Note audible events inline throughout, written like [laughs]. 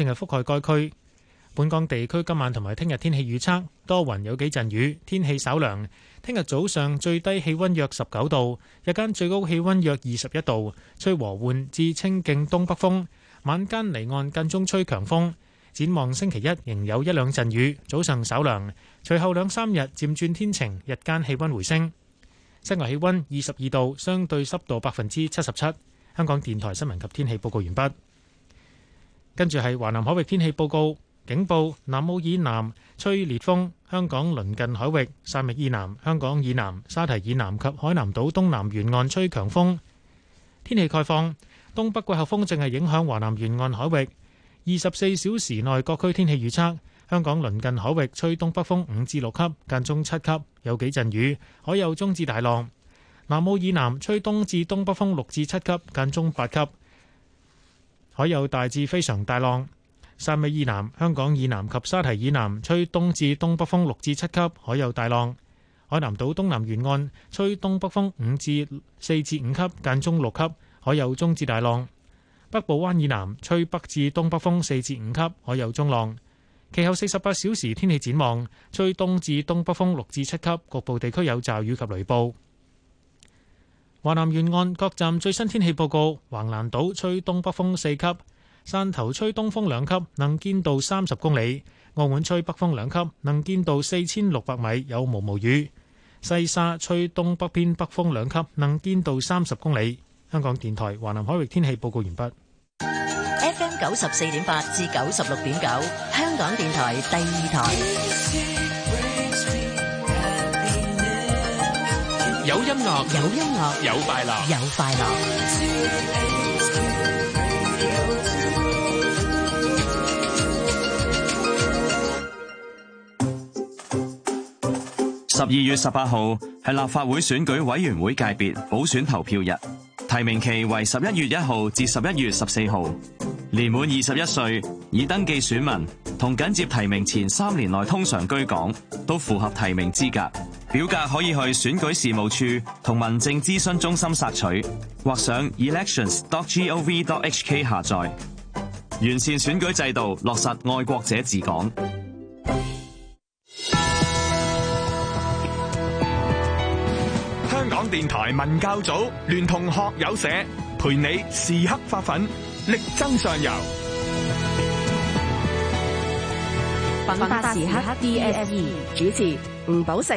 正係覆蓋該區。本港地區今晚同埋聽日天氣預測，多雲有幾陣雨，天氣稍涼。聽日早上最低氣溫約十九度，日間最高氣溫約二十一度，吹和緩至清勁東北風。晚間離岸近中吹強風。展望星期一仍有一兩陣雨，早上稍涼，隨後兩三日漸轉天晴，日間氣溫回升。室外氣溫二十二度，相對濕度百分之七十七。香港電台新聞及天氣報告完畢。跟住係華南海域天氣報告，警報：南澳以南吹烈風，香港鄰近海域、汕尾以南、香港以南、沙提以南及海南島東南沿岸吹強風。天氣概況：東北季候風正係影響華南沿岸海域。二十四小時內各區天氣預測：香港鄰近海域吹東北風五至六級，間中七級，有幾陣雨，海有中至大浪。南澳以南吹東至東北風六至七級，間中八級。海有大致非常大浪，汕尾以南、香港以南及沙堤以南吹東至東北風六至七級，海有大浪；海南島東南沿岸吹東北風五至四至五級間中六級，海有中至大浪；北部灣以南吹北至東北風四至五級，海有中浪。其後四十八小時天氣展望：吹東至東北風六至七級，局部地區有驟雨及雷暴。華南沿岸各站最新天氣報告：橫瀾島吹東北風四級，汕頭吹東風兩級，能見度三十公里；澳門吹北風兩級，能見度四千六百米，有毛毛雨；西沙吹東北偏北風兩級，能見度三十公里。香港電台華南海域天氣報告完畢。FM 九十四點八至九十六點九，9, 香港電台第二台。有音樂，有音樂，有快樂，有快樂。十二月十八號係立法會選舉委員會界別補選投票日，提名期為十一月一號至十一月十四號。年滿二十一歲已登記選民，同緊接提名前三年內通常居港，都符合提名資格。表格可以去選舉事務處同民政諮詢中心索取，或上 elections.gov.hk 下載。完善選舉制度，落實愛國者治港。香港電台文教組聯同學友社，陪你時刻發奮，力爭上游。奮發時刻 DSE 主持吳寶成。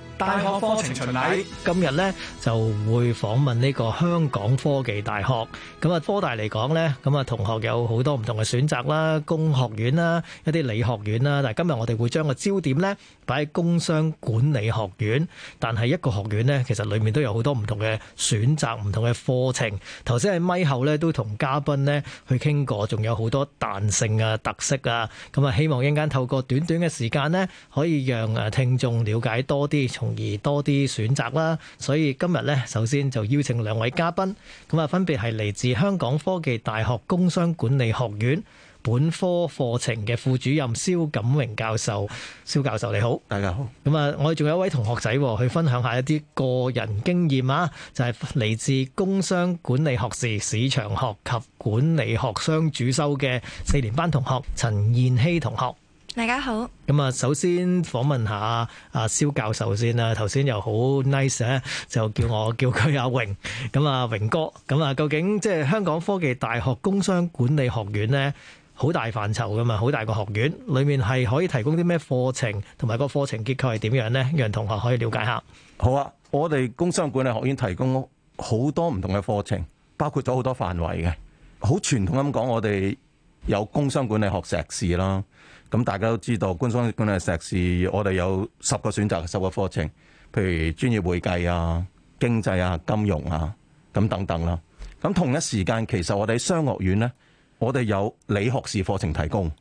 大學課程巡禮，今日咧就會訪問呢個香港科技大學。咁啊，科大嚟講咧，咁啊同學有好多唔同嘅選擇啦，工學院啦，一啲理學院啦。但係今日我哋會將個焦點咧擺喺工商管理學院。但係一個學院咧，其實裏面都有好多唔同嘅選擇、唔同嘅課程。頭先喺咪後咧都同嘉賓咧去傾過，仲有好多彈性啊、特色啊。咁啊，希望一陣間透過短短嘅時間咧，可以讓啊聽眾了解多啲從，而多啲選擇啦，所以今日咧，首先就邀請兩位嘉賓，咁啊分別係嚟自香港科技大學工商管理學院本科課程嘅副主任蕭錦榮教授。蕭教授你好。大家好。咁啊，我哋仲有一位同學仔去分享一下一啲個人經驗啊，就係、是、嚟自工商管理學士市場學及管理學雙主修嘅四年班同學陳彥希同學。大家好，咁啊，首先訪問下阿蕭教授先啦。頭先又好 nice，就叫我叫佢阿榮，咁啊榮哥，咁啊究竟即係香港科技大學工商管理學院咧，好大範疇㗎嘛，好大個學院，裏面係可以提供啲咩課程，同埋個課程結構係點樣咧？讓同學可以了解下。好啊，我哋工商管理學院提供好多唔同嘅課程，包括咗好多範圍嘅，好傳統咁講，我哋。有工商管理學士啦，咁大家都知道工商管理學士，我哋有十個選擇十個課程，譬如專業會計啊、經濟啊、金融啊，咁等等啦。咁同一時間，其實我哋商學院呢，我哋有理學士課程提供。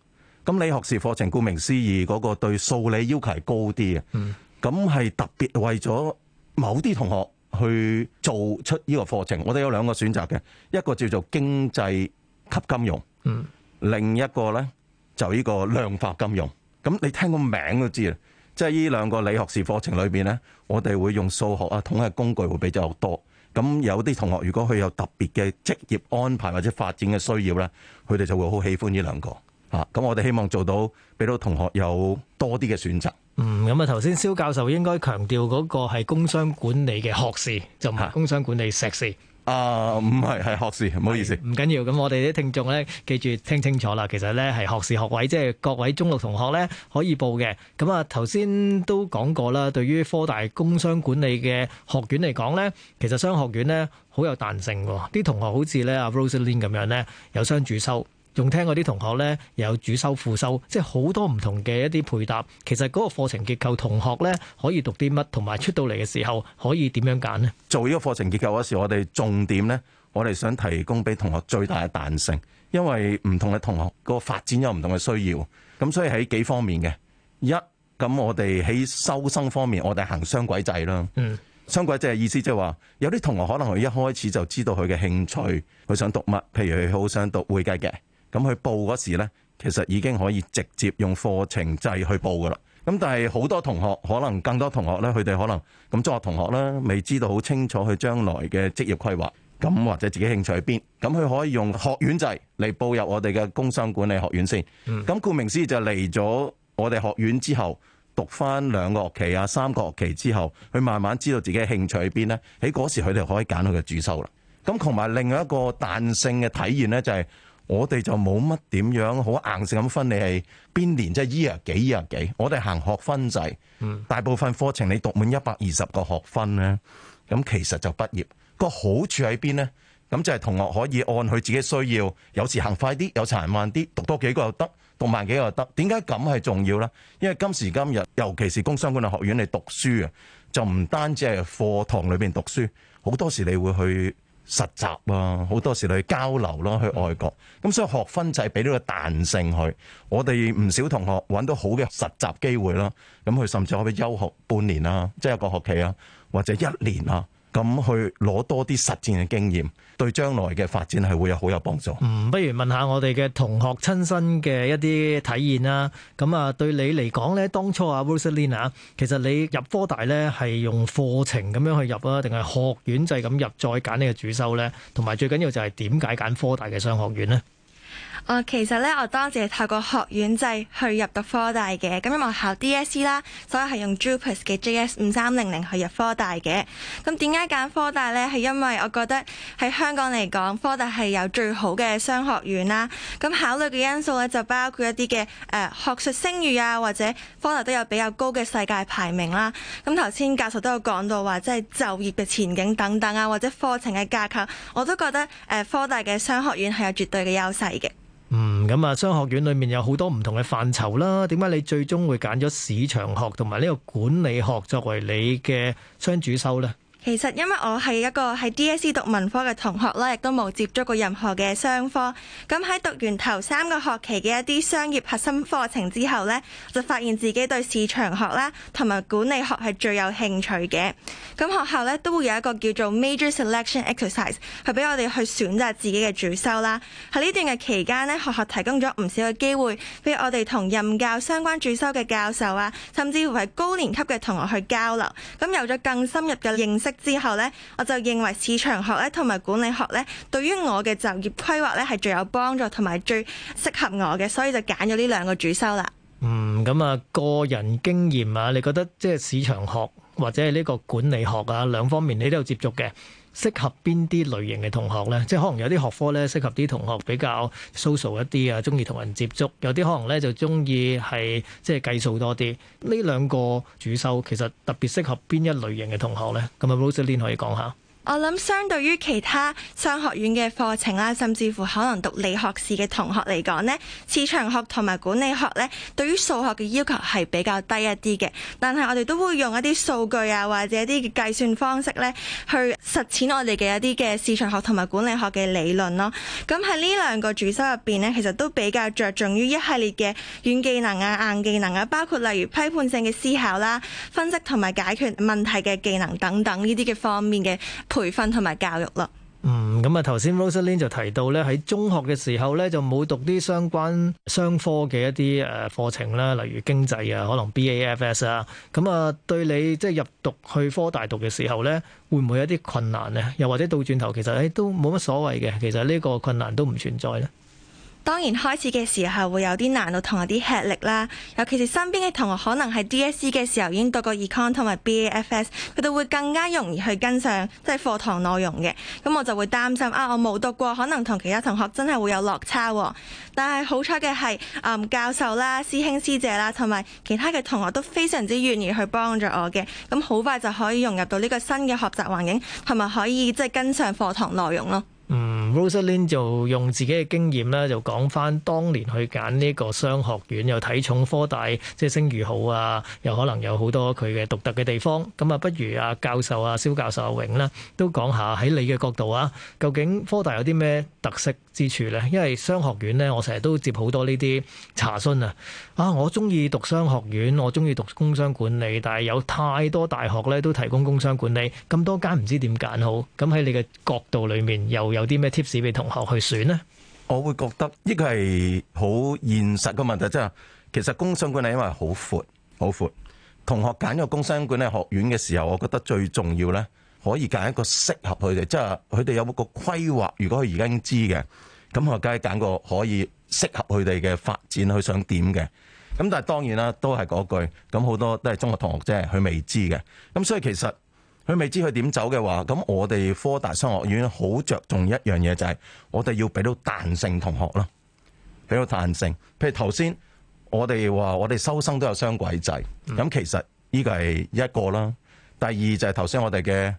咁理學士課程顧名思義，嗰個對數理要求係高啲嘅。嗯。咁係特別為咗某啲同學去做出呢個課程，我哋有兩個選擇嘅，一個叫做經濟及金融。嗯。另一個呢，就呢、是、個量化金融，咁你聽個名都知啦，即係呢兩個理學士課程裏邊呢，我哋會用數學啊、統計工具會比較多。咁有啲同學如果佢有特別嘅職業安排或者發展嘅需要呢，佢哋就會好喜歡呢兩個啊。咁我哋希望做到俾到同學有多啲嘅選擇。嗯，咁啊頭先蕭教授應該強調嗰個係工商管理嘅學士，就唔係工商管理碩士。啊，唔係係學士，唔好意思，唔緊要。咁我哋啲聽眾咧，記住聽清楚啦。其實咧係學士學位，即係各位中六同學咧可以報嘅。咁啊，頭先都講過啦。對於科大工商管理嘅學院嚟講咧，其實商學院咧好有彈性嘅。啲同學好似咧阿 Roseline 咁樣咧，有雙主修。仲聽過啲同學咧，有主修副修，即係好多唔同嘅一啲配搭。其實嗰個課程結構，同學咧可以讀啲乜，同埋出到嚟嘅時候可以點樣揀呢？做呢個課程結構嘅時候，我哋重點咧，我哋想提供俾同學最大嘅彈性，因為唔同嘅同學個發展有唔同嘅需要。咁所以喺幾方面嘅一咁，我哋喺收生方面，我哋行雙軌制啦。嗯，雙軌制嘅意思即係話，有啲同學可能佢一開始就知道佢嘅興趣，佢想讀乜，譬如佢好想讀會計嘅。咁佢報嗰時呢，其實已經可以直接用課程制去報噶啦。咁但係好多同學，可能更多同學呢，佢哋可能咁中學同學呢，未知道好清楚佢將來嘅職業規劃，咁或者自己興趣喺邊，咁佢可以用學院制嚟報入我哋嘅工商管理學院先。咁、嗯、顧名思義就嚟咗我哋學院之後，讀翻兩個學期啊，三個學期之後，佢慢慢知道自己興趣喺邊呢。喺嗰時佢哋就可以揀佢嘅主修啦。咁同埋另外一個彈性嘅體驗呢，就係、是。我哋就冇乜點樣好硬性咁分你係邊年，即係依啊幾依啊幾，幾。我哋行學分制，嗯，大部分課程你讀滿一百二十個學分咧，咁其實就畢業。個好處喺邊咧？咁就係同學可以按佢自己需要，有時行快啲，有時行慢啲，讀多幾個又得，讀慢幾個又得。點解咁係重要咧？因為今時今日，尤其是工商管理學院你讀書啊，就唔單止係課堂裏邊讀書，好多時你會去。實習啊，好多時去交流啦，去外國，咁所以學分就係俾呢個彈性去。我哋唔少同學揾到好嘅實習機會啦，咁佢甚至可以休學半年啊，即係一個學期啊，或者一年啊。咁去攞多啲實戰嘅經驗，對將來嘅發展係會有好有幫助。嗯，不如問下我哋嘅同學親身嘅一啲體驗啦。咁啊，對你嚟講呢，當初啊，Rosalina Yeah. 啊，其實你入科大呢係用課程咁樣去入啊，定係學院就係咁入，再揀呢個主修呢，同埋最緊要就係點解揀科大嘅商學院呢？我、哦、其實咧，我當時係透過學院制去入讀科大嘅。咁因為我考 DSE 啦，所以係用 JUPAS 嘅 J.S. 五三零零去入科大嘅。咁點解揀科大呢？係因為我覺得喺香港嚟講，科大係有最好嘅商學院啦。咁考慮嘅因素咧，就包括一啲嘅誒學術聲譽啊，或者科大都有比較高嘅世界排名啦。咁頭先教授都有講到話，即係就業嘅前景等等啊，或者課程嘅架構，我都覺得誒、呃、科大嘅商學院係有絕對嘅優勢嘅。嗯，咁啊，商學院裏面有好多唔同嘅範疇啦。點解你最終會揀咗市場學同埋呢個管理學作為你嘅雙主修咧？其實因為我係一個喺 DSE 讀文科嘅同學啦，亦都冇接觸過任何嘅商科。咁喺讀完頭三個學期嘅一啲商業核心課程之後咧，就發現自己對市場學啦同埋管理學係最有興趣嘅。咁學校咧都會有一個叫做 Major Selection Exercise，去俾我哋去選擇自己嘅主修啦。喺呢段嘅期間咧，學校提供咗唔少嘅機會，譬如我哋同任教相關主修嘅教授啊，甚至乎係高年級嘅同學去交流。咁有咗更深入嘅認識。之後呢，我就認為市場學咧同埋管理學咧，對於我嘅就業規劃咧係最有幫助同埋最適合我嘅，所以就揀咗呢兩個主修啦。嗯，咁啊，個人經驗啊，你覺得即係市場學？或者係呢個管理學啊兩方面你都有接觸嘅，適合邊啲類型嘅同學呢？即係可能有啲學科呢，適合啲同學比較 social 一啲啊，中意同人接觸；有啲可能呢，就中意係即係計數多啲。呢兩個主修其實特別適合邊一類型嘅同學呢？咁啊 Rosalyn 可以講下。我諗相對於其他商學院嘅課程啦，甚至乎可能讀理學士嘅同學嚟講，呢市場學同埋管理學呢，對於數學嘅要求係比較低一啲嘅。但係我哋都會用一啲數據啊，或者一啲嘅計算方式呢，去實踐我哋嘅一啲嘅市場學同埋管理學嘅理論咯。咁喺呢兩個主修入邊呢，其實都比較着重於一系列嘅軟技能啊、硬技能啊，包括例如批判性嘅思考啦、啊、分析同埋解決問題嘅技能等等呢啲嘅方面嘅。培訓同埋教育咯。嗯，咁啊，頭先 Roselyn 就提到咧，喺中學嘅時候咧，就冇讀啲相關商科嘅一啲誒課程啦，例如經濟啊，可能 BAFS 啊。咁、嗯、啊，對你即係入讀去科大讀嘅時候咧，會唔會有啲困難咧？又或者倒轉頭，其實誒、欸、都冇乜所謂嘅，其實呢個困難都唔存在咧。當然開始嘅時候會有啲難度同有啲吃力啦，尤其是身邊嘅同學可能係 DSE 嘅時候已經讀過 Econ 同埋 BAFS，佢哋會更加容易去跟上即係課堂內容嘅。咁我就會擔心啊，我冇讀過，可能同其他同學真係會有落差，啊。但係好彩嘅係，誒、嗯、教授啦、師兄師姐啦同埋其他嘅同學都非常之願意去幫助我嘅。咁好快就可以融入到呢個新嘅學習環境，同埋可以即係、就是、跟上課堂內容咯。嗯，Rosalyn 就用自己嘅經驗咧，就講返當年去揀呢個商學院，又睇重科大，即係聲譽好啊，又可能有好多佢嘅獨特嘅地方。咁啊，不如啊教授啊蕭教授阿永啦，都講下喺你嘅角度啊，究竟科大有啲咩特色之處咧，因為商學院咧，我成日都接好多呢啲查詢啊！啊，我中意讀商學院，我中意讀工商管理，但係有太多大學咧都提供工商管理，咁多間唔知點揀好。咁喺你嘅角度裏面，又有啲咩 tips 俾同學去選呢？我會覺得呢個係好現實嘅問題，即係其實工商管理因為好闊，好闊。同學揀咗工商管理學院嘅時候，我覺得最重要咧。可以揀一個適合佢哋，即係佢哋有個規劃。如果佢而家已經知嘅，咁我梗係揀個可以適合佢哋嘅發展去想點嘅。咁但係當然啦，都係嗰句，咁好多都係中學同學即係，佢未知嘅。咁所以其實佢未知佢點走嘅話，咁我哋科大商學院好着重一樣嘢，就係、是、我哋要俾到彈性同學啦，俾到彈性。譬如頭先我哋話我哋收生都有雙軌制，咁其實呢個係一個啦。第二就係頭先我哋嘅。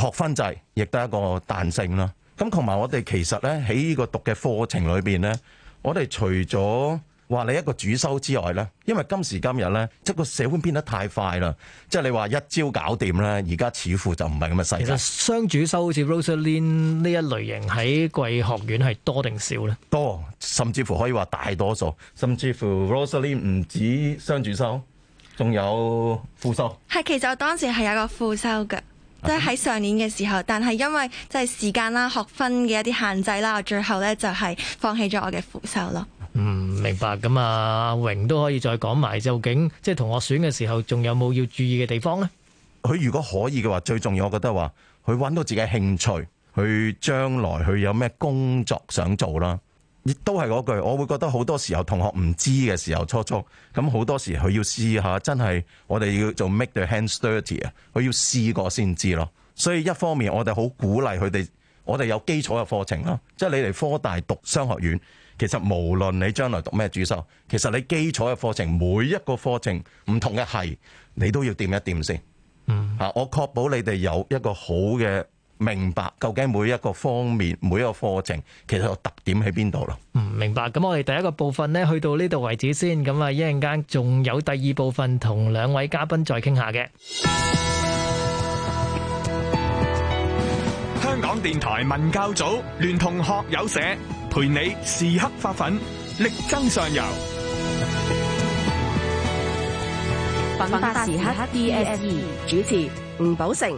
學分制亦都係一個彈性啦，咁同埋我哋其實咧喺呢個讀嘅課程裏邊咧，我哋除咗話你一個主修之外咧，因為今時今日咧，即係個社會變得太快啦，即係你話一朝搞掂咧，而家似乎就唔係咁嘅世界。其實雙主修好似 Rosaline 呢一類型喺貴學院係多定少咧？多，甚至乎可以話大多數，甚至乎 Rosaline 唔止雙主修，仲有副修。係，其實我當時係有個副修嘅。即係喺上年嘅時候，但係因為即係時間啦、學分嘅一啲限制啦，我最後呢就係放棄咗我嘅輔修咯。嗯，明白咁啊，榮都可以再講埋究竟，即係同學選嘅時候，仲有冇要注意嘅地方呢？佢如果可以嘅話，最重要我覺得話，佢揾到自己興趣，佢將來佢有咩工作想做啦。亦都係嗰句，我會覺得好多時候同學唔知嘅時候，初初咁好多時佢要試下。真係我哋要做 make the hands dirty 啊，佢要試過先知咯。所以一方面我哋好鼓勵佢哋，我哋有基礎嘅課程啦。即係你嚟科大讀商學院，其實無論你將來讀咩主修，其實你基礎嘅課程每一個課程，唔同嘅係，你都要掂一掂先。嗯，吓我確保你哋有一個好嘅。明白究竟每一個方面、每一個課程其實個特點喺邊度咯。嗯，明白。咁我哋第一個部分呢，去到呢度為止先。咁啊，一陣間仲有第二部分同兩位嘉賓再傾下嘅。香港電台文教組聯同學友社，陪你時刻發奮，力爭上游。奮發時刻 DSE，主持吳寶成。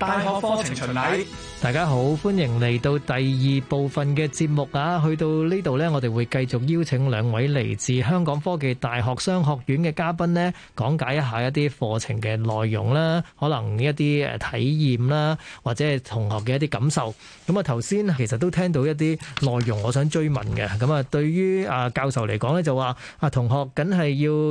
大學課程巡禮，大家好，歡迎嚟到第二部分嘅節目啊！去到呢度呢，我哋會繼續邀請兩位嚟自香港科技大學商學院嘅嘉賓呢，講解一下一啲課程嘅內容啦，可能一啲誒體驗啦，或者係同學嘅一啲感受。咁啊，頭先其實都聽到一啲內容，我想追問嘅。咁啊，對於啊教授嚟講呢，就話啊同學梗係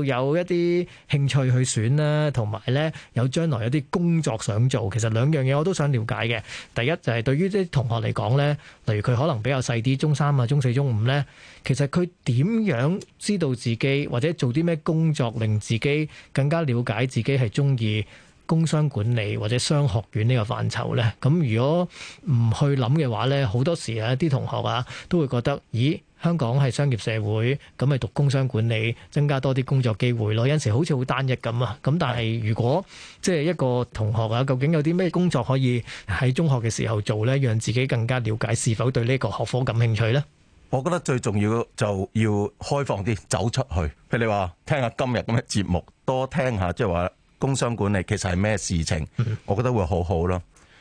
要有一啲興趣去選啦，同埋呢有將來有啲工作想做，其實兩樣。樣嘢我都想了解嘅。第一就係、是、對於啲同學嚟講呢，例如佢可能比較細啲，中三啊、中四、中五呢，其實佢點樣知道自己或者做啲咩工作，令自己更加了解自己係中意，工商管理或者商學院呢個範疇呢，咁如果唔去諗嘅話呢，好多時啊啲同學啊都會覺得，咦，香港係商業社會，咁咪讀工商管理，增加多啲工作機會咯。有陣時好似好單一咁啊。咁但係如果即係一個同學啊，究竟有啲咩工作可以喺中學嘅時候做呢，讓自己更加了解是否對呢個學科感興趣呢？我覺得最重要就要開放啲，走出去。譬如你話聽下今日咁嘅節目，多聽下即係話。就是工商管理其實係咩事情？我覺得會好好咯。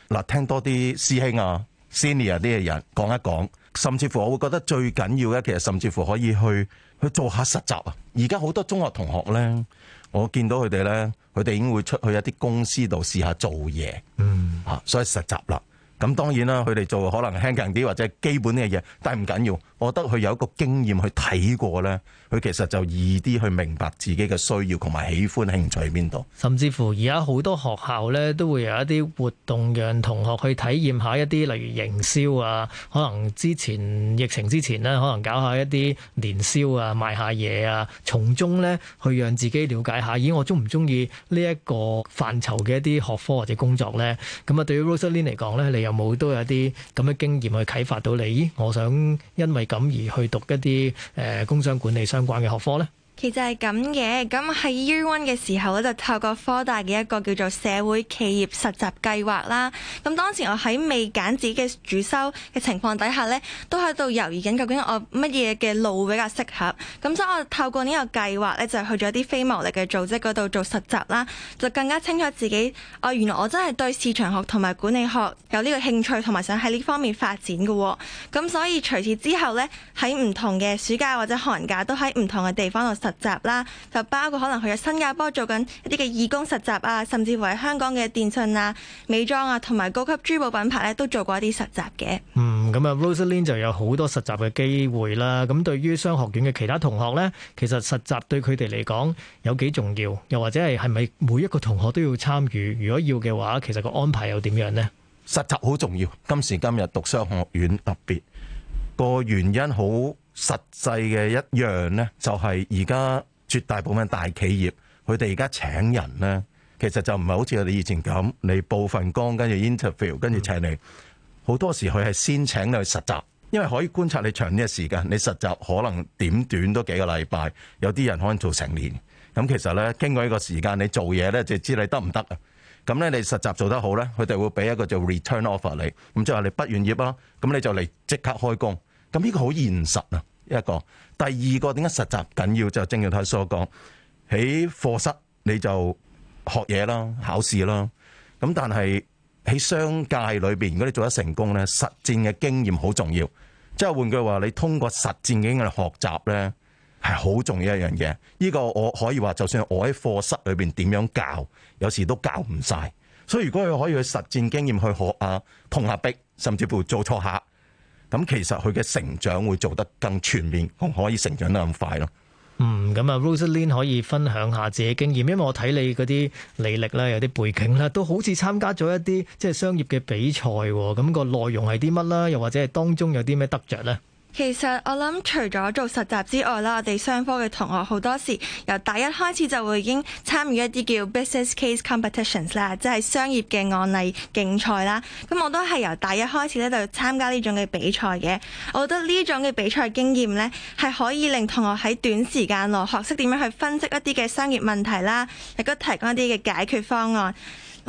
嗱，聽多啲師兄啊、senior 啲嘅人講一講，甚至乎我會覺得最緊要嘅其實甚至乎可以去去做下實習啊。而家好多中學同學咧，我見到佢哋咧，佢哋已經會出去一啲公司度試下做嘢。嗯，啊，所以實習啦。咁當然啦，佢哋做可能輕輕啲或者基本啲嘅嘢，但係唔緊要。我覺得佢有一個經驗去睇過呢。佢其實就易啲去明白自己嘅需要同埋喜歡興趣喺邊度。甚至乎而家好多學校呢，都會有一啲活動，讓同學去體驗一下一啲，例如營銷啊，可能之前疫情之前呢，可能搞一下一啲年宵啊，賣下嘢啊，從中呢去讓自己了解下，咦，我鍾唔鍾意呢一個範疇嘅一啲學科或者工作呢？咁啊，對於 Rosalyn 嚟講呢，你有冇都有一啲咁嘅經驗去啟發到你？我想因為咁而去讀一啲誒、呃、工商管理相關嘅學科咧。其實係咁嘅，咁喺 Year One 嘅時候咧，就透過科大嘅一個叫做社會企業實習計劃啦。咁當時我喺未揀自己嘅主修嘅情況底下呢都喺度猶豫緊究竟我乜嘢嘅路比較適合。咁所以我透過呢個計劃呢，就去咗啲非牟利嘅組織嗰度做實習啦，就更加清楚自己哦，原來我真係對市場學同埋管理學有呢個興趣，同埋想喺呢方面發展嘅、哦。咁所以隨後之，之後呢，喺唔同嘅暑假或者寒假都喺唔同嘅地方度實習。實習啦，就包括可能去咗新加坡做緊一啲嘅義工實習啊，甚至乎係香港嘅電信啊、美妝啊同埋高級珠寶品牌咧，都做過一啲實習嘅。嗯，咁啊，Roseline 就有好多實習嘅機會啦。咁對於商學院嘅其他同學呢，其實實習對佢哋嚟講有幾重要，又或者係係咪每一個同學都要參與？如果要嘅話，其實個安排又點樣呢？實習好重要，今時今日讀商學院特別個原因好。實際嘅一樣呢，就係而家絕大部分大企業，佢哋而家請人呢，其實就唔係好似我哋以前咁你部分工，跟住 interview，跟住請你。好多時佢係先請你去實習，因為可以觀察你長啲嘅時間。你實習可能點短都幾個禮拜，有啲人可能做成年。咁其實呢，經過呢個時間，你做嘢呢，就知你得唔得啊？咁呢，你實習做得好呢，佢哋會俾一個叫 return offer 你，咁即係你畢完業啦，咁你就嚟即刻開工。咁呢個好現實啊！一個，第二個點解實習緊要就是、正如泰叔講，喺課室你就學嘢啦、考試啦。咁但係喺商界裏邊，如果你做得成功咧，實戰嘅經驗好重要。即係換句話，你通過實戰經驗去學習咧，係好重要一樣嘢。呢、呢個我可以話，就算我喺課室裏邊點樣教，有時都教唔晒。所以如果佢可以去實戰經驗去學啊，碰下壁，甚至乎做錯下。咁其實佢嘅成長會做得更全面，可以成長得咁快咯。嗯，咁啊，Roselyn 可以分享下自己經驗，因為我睇你嗰啲履歷啦，有啲背景咧，都好似參加咗一啲即係商業嘅比賽喎。咁個內容係啲乜啦？又或者係當中有啲咩得着咧？其實我諗，除咗做實習之外啦，我哋商科嘅同學好多時由大一開始就會已經參與一啲叫 business case competitions 啦，即係商業嘅案例競賽啦。咁我都係由大一開始咧，就參加呢種嘅比賽嘅。我覺得呢種嘅比賽經驗呢，係可以令同學喺短時間內學識點樣去分析一啲嘅商業問題啦，亦都提供一啲嘅解決方案。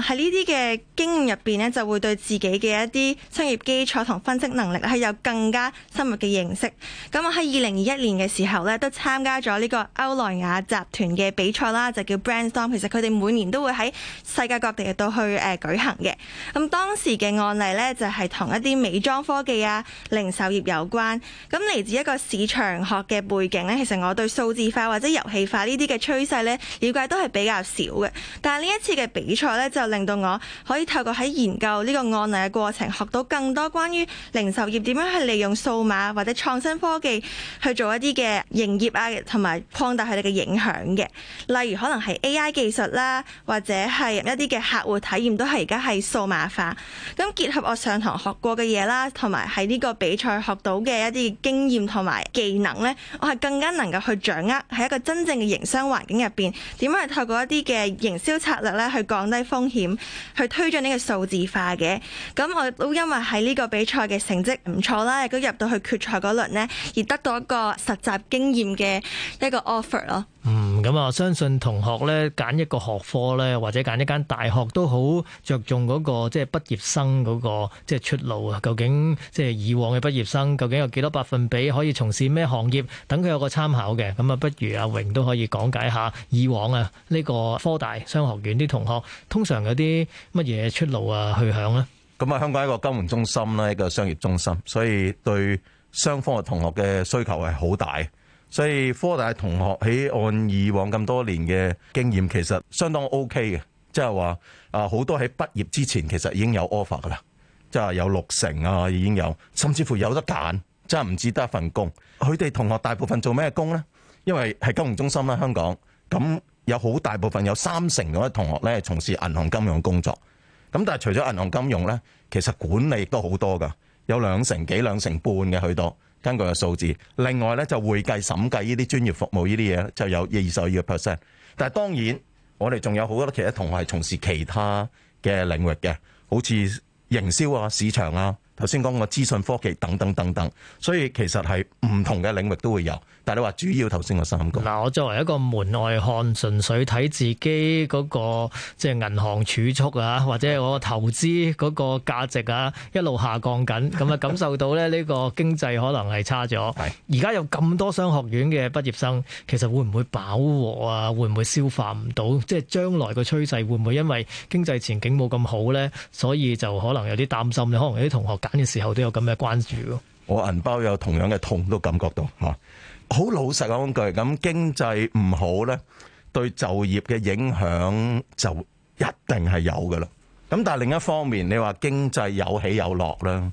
喺呢啲嘅經驗入邊呢，就會對自己嘅一啲商業基礎同分析能力係有更加深入嘅認識。咁我喺二零二一年嘅時候呢，都參加咗呢個歐萊雅集團嘅比賽啦，就叫 Brandstorm。其實佢哋每年都會喺世界各地度去誒舉行嘅。咁當時嘅案例呢，就係同一啲美妝科技啊、零售業有關。咁嚟自一個市場學嘅背景呢，其實我對數字化或者遊戲化呢啲嘅趨勢呢，了解都係比較少嘅。但係呢一次嘅比賽呢，就令到我可以透過喺研究呢個案例嘅過程，學到更多關於零售業點樣去利用數碼或者創新科技去做一啲嘅營業啊，同埋擴大佢哋嘅影響嘅。例如可能係 AI 技術啦，或者係一啲嘅客戶體驗都係而家係數碼化。咁結合我上堂學過嘅嘢啦，同埋喺呢個比賽學到嘅一啲經驗同埋技能咧，我係更加能夠去掌握喺一個真正嘅營商環境入邊，點樣去透過一啲嘅營銷策略咧去降低風險。點去推進呢個數字化嘅？咁我都因為喺呢個比賽嘅成績唔錯啦，亦都入到去決賽嗰輪咧，而得到一個實習經驗嘅一個 offer 咯。嗯，咁啊，相信同學咧揀一個學科咧，或者揀一間大學都好着重嗰個即係畢業生嗰個即係出路啊。究竟即係以往嘅畢業生，究竟有幾多百分比可以從事咩行業？等佢有個參考嘅。咁啊，不如阿榮都可以講解下以往啊呢個科大商學院啲同學通常有啲乜嘢出路啊去向呢？咁啊，香港一個金融中心咧，一個商業中心，所以對雙方嘅同學嘅需求係好大。所以科大同學喺按以往咁多年嘅經驗，其實相當 OK 嘅，即係話啊好多喺畢業之前其實已經有 offer 噶啦，即係有六成啊已經有，甚至乎有得揀，即係唔止得一份工。佢哋同學大部分做咩工呢？因為係金融中心啦，香港咁有好大部分有三成嗰啲同學咧係從事銀行金融工作。咁但係除咗銀行金融咧，其實管理都好多噶，有兩成幾兩成半嘅許多。根據個數字，另外咧就會計審計呢啲專業服務呢啲嘢咧，就有二十二個 percent。但係當然，我哋仲有好多其他同學係從事其他嘅領域嘅，好似營銷啊、市場啊、頭先講嘅資訊科技等等等等。所以其實係唔同嘅領域都會有。但你話主要頭先個三個，嗱，我作為一個門外漢，純粹睇自己嗰個即係銀行儲蓄啊，或者我投資嗰個價值啊，一路下降緊，咁啊感受到咧呢個經濟可能係差咗。而家 [laughs] 有咁多商學院嘅畢業生，其實會唔會飽和啊？會唔會消化唔到？即係將來嘅趨勢會唔會因為經濟前景冇咁好呢？所以就可能有啲擔心。你可能有啲同學揀嘅時候都有咁嘅關注。我銀包有同樣嘅痛，都感覺到嚇。啊。好老實講句，咁經濟唔好呢，對就業嘅影響就一定係有噶啦。咁但係另一方面，你話經濟有起有落啦，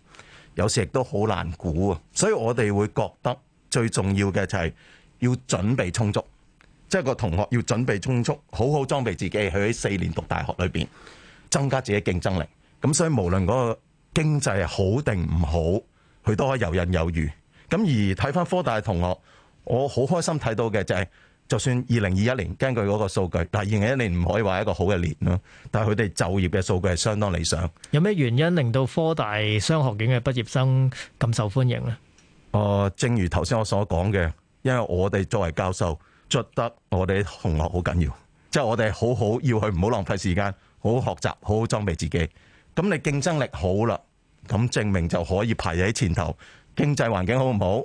有時亦都好難估啊。所以我哋會覺得最重要嘅就係要準備充足，即係個同學要準備充足，好好裝備自己，佢喺四年讀大學裏邊，增加自己競爭力。咁所以無論嗰個經濟好定唔好，佢都可以遊刃有餘。咁而睇翻科大嘅同學。我好開心睇到嘅就係，就算二零二一年根據嗰個數據，但二零二一年唔可以話一個好嘅年咯，但係佢哋就業嘅數據係相當理想。有咩原因令到科大商學院嘅畢業生咁受歡迎呢？哦、呃，正如頭先我所講嘅，因為我哋作為教授，覺得我哋啲同學好緊要，即係我哋好好要去唔好浪費時間，好好學習，好好裝備自己。咁你競爭力好啦，咁證明就可以排喺前頭。經濟環境好唔好？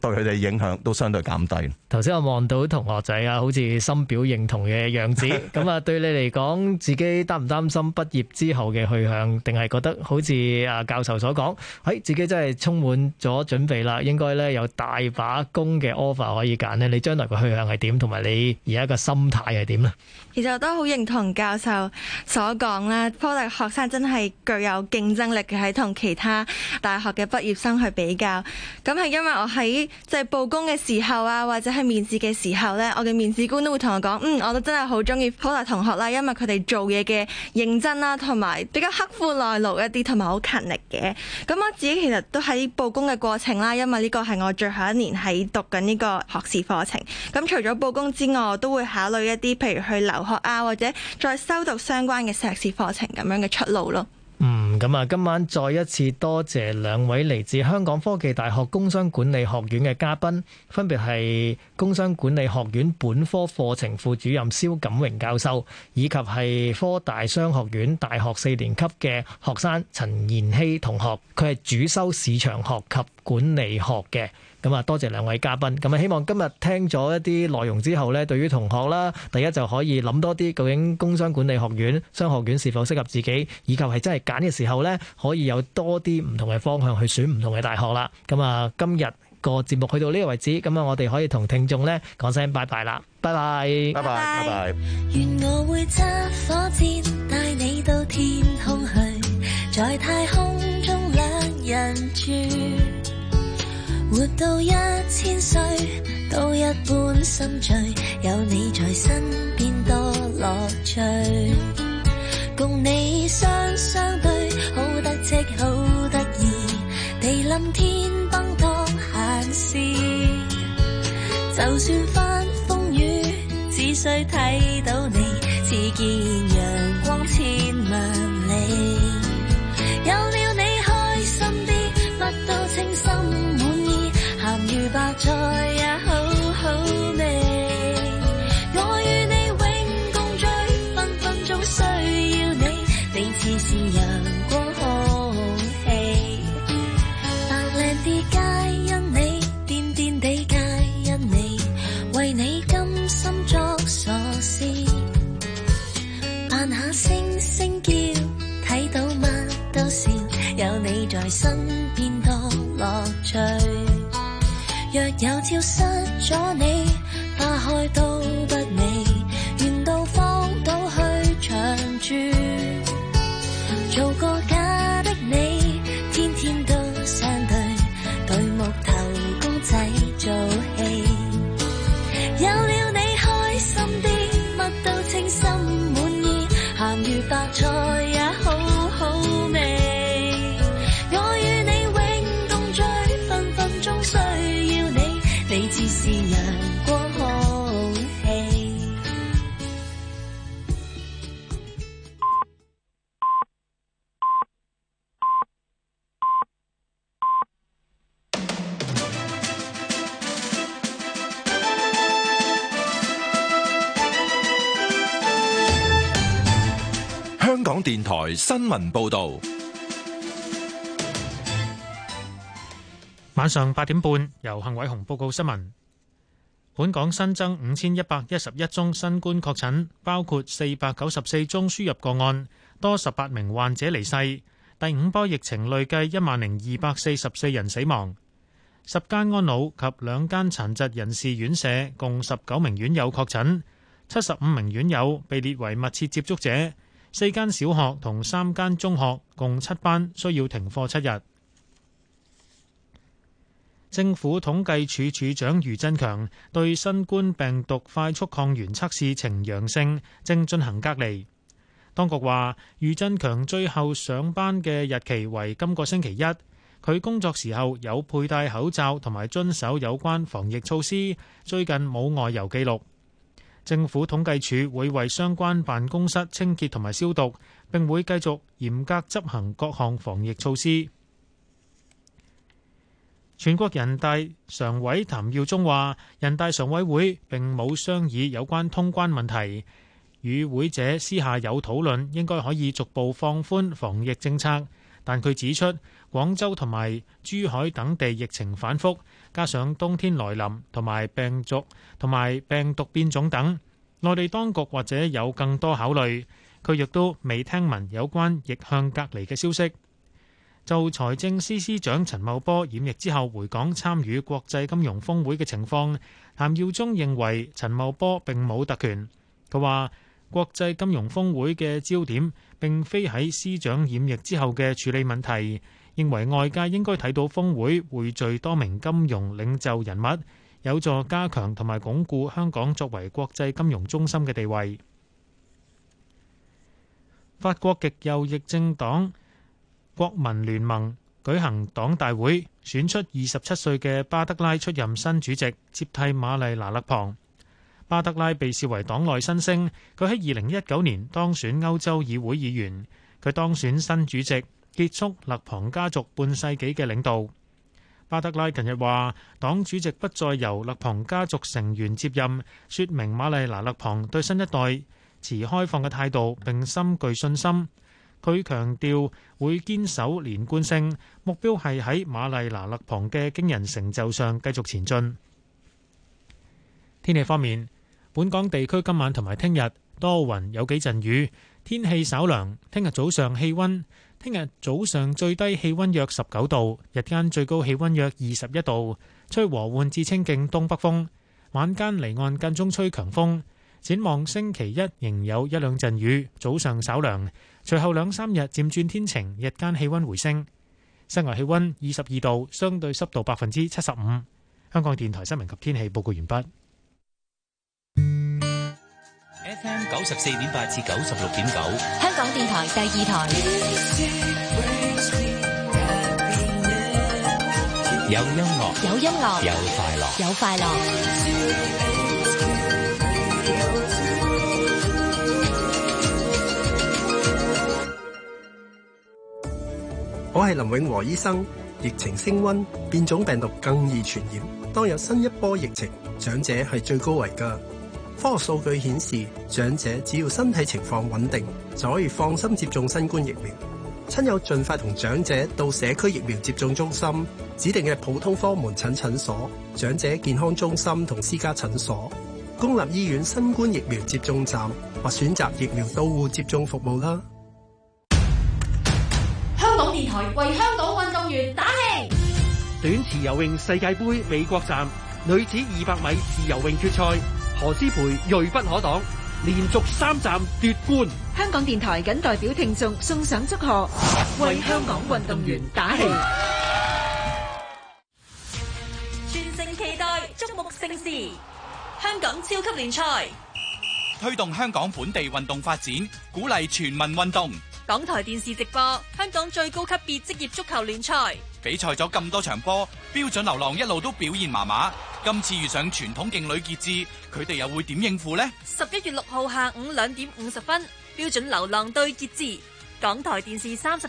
對佢哋影響都相對減低。頭先我望到同學仔啊，好似深表認同嘅樣子。咁啊，對你嚟講，自己擔唔擔心畢業之後嘅去向？定係覺得好似啊教授所講，喺自己真係充滿咗準備啦，應該咧有大把工嘅 offer 可以揀咧。你將來個去向係點？同埋你而家個心態係點咧？其實我都好認同教授所講啦。科大學生真係具有競爭力嘅，喺同其他大學嘅畢業生去比較。咁係因為我喺。就係報工嘅時候啊，或者係面試嘅時候呢，我嘅面試官都會同我講，嗯，我都真係好中意普大同學啦，因為佢哋做嘢嘅認真啦、啊，同埋比較刻苦耐勞一啲，同埋好勤力嘅。咁我自己其實都喺報工嘅過程啦，因為呢個係我最後一年喺讀緊呢個學士課程。咁除咗報工之外，我都會考慮一啲，譬如去留學啊，或者再修讀相關嘅碩士課程咁樣嘅出路咯。嗯，咁啊，今晚再一次多謝兩位嚟自香港科技大學工商管理學院嘅嘉賓，分別係工商管理學院本科課程副主任蕭錦榮教授，以及係科大商學院大學四年級嘅學生陳彥希同學，佢係主修市場學及管理學嘅。咁啊，多謝兩位嘉賓。咁啊，希望今日聽咗一啲內容之後咧，對於同學啦，大家就可以諗多啲究竟工商管理學院、商學院是否適合自己，以及係真係揀嘅時候咧，可以有多啲唔同嘅方向去選唔同嘅大學啦。咁啊，今日個節目去到呢個位置，咁啊，我哋可以同聽眾咧講聲拜拜啦，拜拜，拜拜，拜拜。願我會揸火箭帶你到天空去，在太空中兩人住活到一千歲都一般心醉，有你在身邊多樂趣。共你雙雙對好得戚好得意，地冧天崩當閒事。就算翻風雨，只需睇到你，似見。白菜也好好味，我與你永共聚，分分鐘需要你，你似是陽光空氣，扮靚啲皆因你，癲癲地皆因你，為你甘心作傻事，扮下猩猩叫，睇到乜都笑，有你在身邊多樂趣。若有朝失咗你，花開到。港電台新聞報道，晚上八點半由幸偉雄報告新聞。本港新增五千一百一十一宗新冠確診，包括四百九十四宗輸入個案，多十八名患者離世。第五波疫情累計一萬零二百四十四人死亡。十間安老及兩間殘疾人士院舍共十九名院友確診，七十五名院友被列為密切接觸者。四間小學同三間中學共七班需要停課七日。政府統計處處長余振強對新冠病毒快速抗原測試呈陽性，正進行隔離。當局話，余振強最後上班嘅日期為今個星期一。佢工作時候有佩戴口罩同埋遵守有關防疫措施，最近冇外遊記錄。政府統計處會為相關辦公室清潔同埋消毒，並會繼續嚴格執行各項防疫措施。全國人大常委譚耀宗話，人大常委會並冇商議有關通關問題，與會者私下有討論，應該可以逐步放寬防疫政策。但佢指出，廣州同埋珠海等地疫情反覆。加上冬天來臨同埋病毒同埋病毒變種等，內地當局或者有更多考慮，佢亦都未聽聞有關逆向隔離嘅消息。就財政司司長陳茂波染疫之後回港參與國際金融峰會嘅情況，譚耀宗認為陳茂波並冇特權，佢話國際金融峰會嘅焦點並非喺司長染疫之後嘅處理問題。認為外界應該睇到峰會匯聚多名金融領袖人物，有助加強同埋鞏固香港作為國際金融中心嘅地位。法國極右翼政黨國民聯盟舉行黨大會，選出二十七歲嘅巴德拉出任新主席，接替瑪麗娜勒龐。巴德拉被視為黨內新星，佢喺二零一九年當選歐洲議會議員，佢當選新主席。結束勒龐家族半世紀嘅領導，巴德拉近日話，黨主席不再由勒龐家族成員接任，說明瑪麗娜勒龐對新一代持開放嘅態度，並深具信心。佢強調會堅守連貫性，目標係喺瑪麗娜勒龐嘅驚人成就上繼續前進。天氣方面，本港地區今晚同埋聽日多雲，有幾陣雨。天氣稍涼，聽日早上氣溫，聽日早上最低氣溫約十九度，日間最高氣溫約二十一度，吹和緩至清勁東北風，晚間離岸間中吹強風。展望星期一仍有一兩陣雨，早上稍涼，隨後兩三日漸轉天晴，日間氣溫回升。室外氣溫二十二度，相對濕度百分之七十五。香港電台新聞及天氣報告完畢。九十四點八至九十六點九，香港電台第二台。有音樂，有音樂，有快樂，有快樂。我係林永和醫生，疫情升溫，變種病毒更易傳染。當有新一波疫情，長者係最高危㗎。科學數據顯示，長者只要身體情況穩定，就可以放心接種新冠疫苗。親友盡快同長者到社區疫苗接種中心、指定嘅普通科門診診所、長者健康中心同私家診所、公立醫院新冠疫苗接種站或選擇疫苗到戶接種服務啦。香港電台為香港運動員打氣。短池游泳世界杯美國站女子二百米自由泳決賽。何思培銳不可擋，連續三站奪冠。香港電台謹代表聽眾送上祝賀，為香港運動員打氣。全城期待矚目盛事，香港超級聯賽推動香港本地運動發展，鼓勵全民運動。港台電視直播香港最高級別職業足球聯賽比賽，咗咁多場波，標準流浪一路都表現麻麻。今次遇上傳統勁女傑志，佢哋又會點應付咧？十一月六號下午兩點五十分，標準流浪對傑志，港台電視三十。